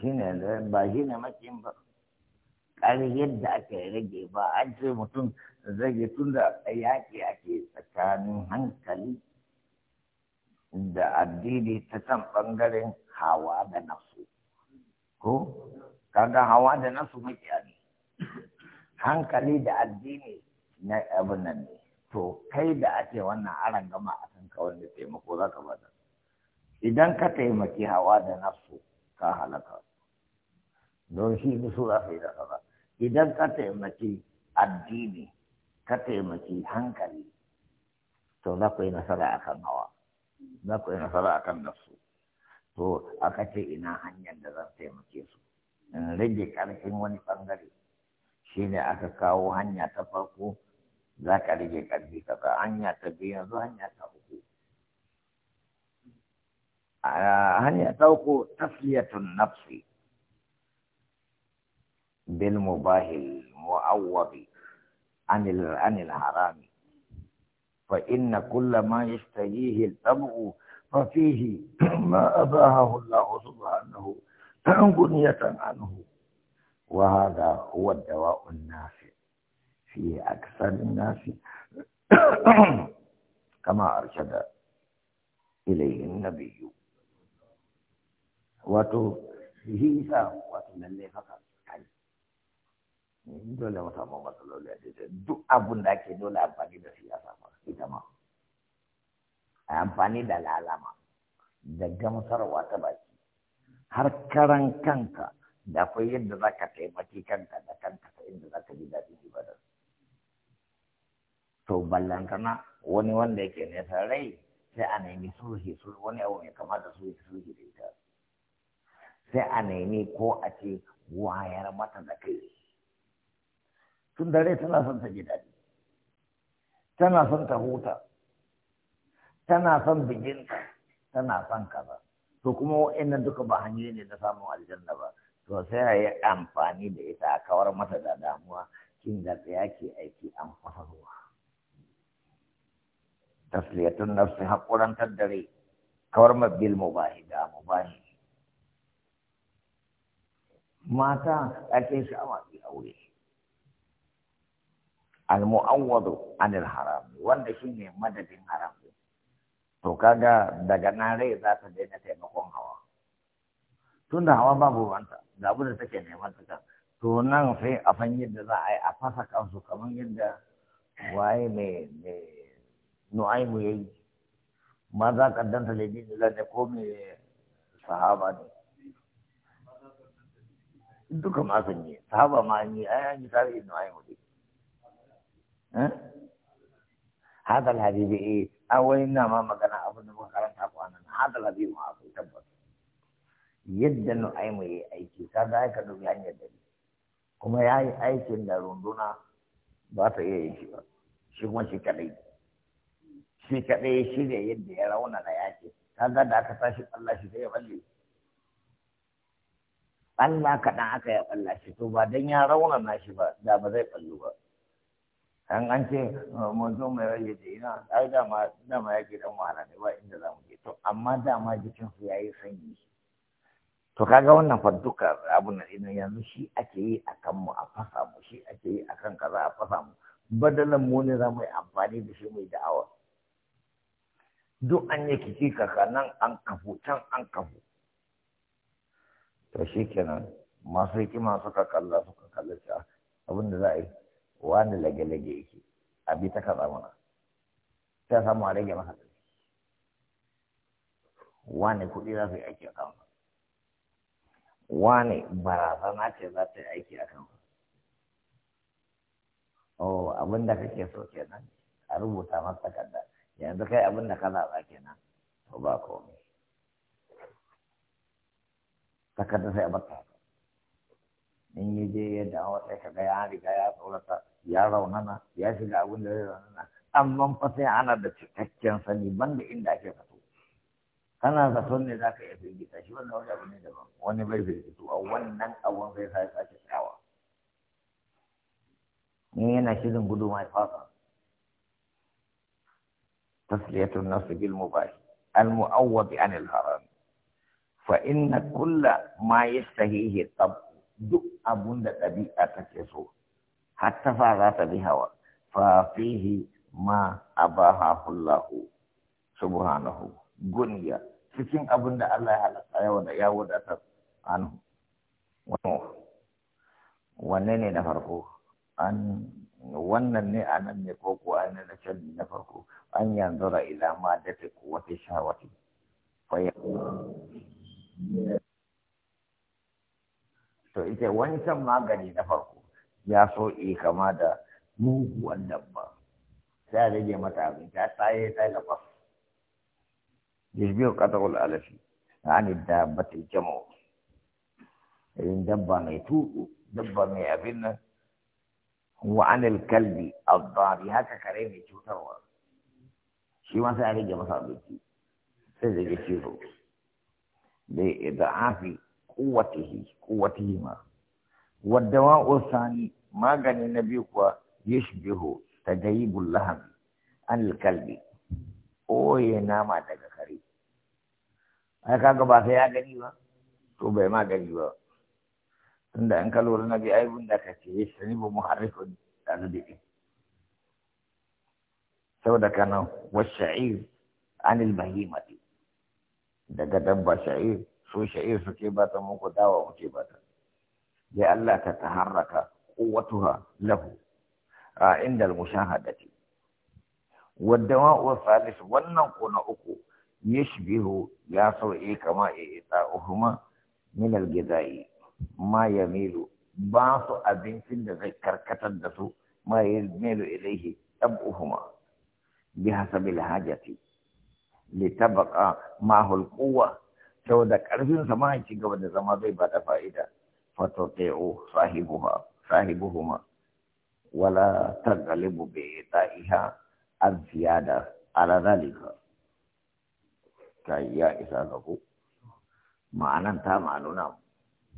shi ne ba shi ne makin ba ƙari yadda aka rage ba an ce mutum zage tun da yaƙi ake tsakanin hankali da addini ta kan ɓangaren hawa da nafsu ko kaga hawa da nafsu a ne hankali da addini na abin nan ne to kai da ake wannan aran gama a kanka wanda taimako za ka bada idan ka taimaki hawa da nasu ka halaka don shi ne sura sai da ba idan ka taimaki addini ka taimaki hankali to za ku yi nasara a kan hawa za ku yi nasara a kan nasu to aka ce ina hanyar da zan taimake su in rage ƙarfin wani bangare shi ne aka kawo hanya ta farko za ka rage ƙarfi ka hanya ta biyu yanzu hanya ta هل يتوق تسلية النفس بالمباه المعوض عن عن الحرام فإن كل ما يشتهيه الطبع ففيه ما أباهه الله سبحانه بنية عنه وهذا هو الدواء النافع في أكثر الناس كما أرشد إليه النبي wato hisa wato nan ne haka kai eh, dole mu samu matsaloli a cikin duk abun da ake dole amfani da siyasa ba ita ma a amfani da lalama da gamsarwa ta baki har karan kanka da akwai yadda za ka taimaki kanka da kanka ta inda za ka ji daɗin ibadar to ballantana wani wanda yake nesa rai sai a nemi sulhi wani abu mai kama da sulhi sulhi sai a nemi ko a ce wayar mata da kai tun dare tana son ta ji tana son ta huta tana son ka, tana son kaza to kuma wa'annan duka ba hanyoyi ne na samun aljanna ba to sai a yi amfani da ita a kawar mata da damuwa kin da tsaya ke aiki an fasa ruwa tasliyatun nafsi haƙurantar dare kawar mabil mubahi da mubahi mata ake sha'awa masu aure al-mu'awwadu anil haram wanda shine madadin haram to kaga daga nan rai za ta daina taimakon hawa tunda hawa babu wanta ga abu da take neman ta to nan sai a fanyin yadda za a yi a fasa kansu kamar yadda waye mai mu yayi ma za ka danta da ne ko mai sahaba ne duka ma ne yi sahaba ma an yi ai an yi sabi ibn ayyub dai hada al-habibi eh a wani na ma magana abin da muka karanta kwanan hada al-habibi ma akwai tabbas yadda nu ai mu yi aiki ka ga ka dubi hanyar da kuma ya yi aikin da runduna ba ta iya yin shi ba shi kuma shi kadai shi kadai shi ne yadda ya rauna da yake ka ga da aka tashi Allah shi sai ya balle Allah kaɗan aka ya balla shi to ba don ya rauna shi ba da ba zai ɓallu ba an an ce oh, manzo mai rage da ina ai dama dama ya ke dan wahala ne ba inda zamu mu je to amma dama jikin su yayi sanyi to kaga wannan fa duka na ina yanzu shi ake yi akan mu a fasa mu shi ake yi akan kaza a fasa mu badalan mu ne za mu yi amfani da shi mu yi da'awa duk an yi kici kaka nan an kafu can an kafu to shi kenan masu hikima suka kalla suka kalla cewa abin da za a yi wani lage-lage yake a bi ta kaza mana ta samu a rage masa da wani kuɗi za su yi aiki a kan wani barazana ce za ta yi aiki a kan oh abin da kake so kenan a rubuta masa takarda yanzu kai abin da kana za kenan to ba komai takarda sai a bata in yi je ya dawo sai kaga ya riga ya tsorata ya raunana ya shiga abin da ya raunana amma fa sai ana da cikakken sani banda inda ake fito kana da son ne za ka iya firgita shi wannan wani abu ne daban wani bai firgito a wannan abun sai sai sake tsawa ni yana shirin gudu mai fasa tasliyatun nasu bil mubah al mu'awwad anil haram fa inna kulla ma yastahihi tab duk abun da ɗabi'a take so hatta fa za ta bi hawa fa fihi ma abaha hullahu subhanahu gunya cikin abun da Allah ya halatta yau da ya wadata anhu wanne ne na farko an wannan ne a nan ne ko ko an na can na farko an ra ila ma da ta kuwata shawati fa to ita wancan magani na farko ya so e kama da muguwan dabba sai a rage mata abin ta tsaye ta gaba jirgin katakul alafi an dabbatul jama'u irin dabba mai tudu dabba mai abin nan wa anil kalbi adhabi haka kare mai cutarwa shi ma sai a rage masa abinci sai zai ga ciro bi kowace kuwatihi ma wadawa usani magani na biyu kuwa ta tajayibul bullahan, an O ya nama daga kare ai kaga ba sai ya gani ba to bai magani ba tunda an kalo na bi ai bunda ka ce shi ne bu muharrifu da nabi saboda kana wa sha'ir anil bahimati daga dabba sha'ir su sha'ir suke ba ta muku dawa muke ba ta ya Allah ta taharraka quwwatuha lahu a inda al-mushahadati wadda Uwa salis wannan ko na uku yashbihu ya sau'i kama uhuma min al giza'i ma yamilu ba su abincin da zai karkatar da su ma yamilu ilaihi tab'uhuma bi hasabil hajati litabaka mahul kuwa. saboda karfin sa ma ci gaba da zama zai bada fa'ida fatoteo sahibuha sahibuhuma wala tagalibu bi ta'iha an ziyada ala zalika kai ya isa ga ku ma'anan ta ma'anuna mu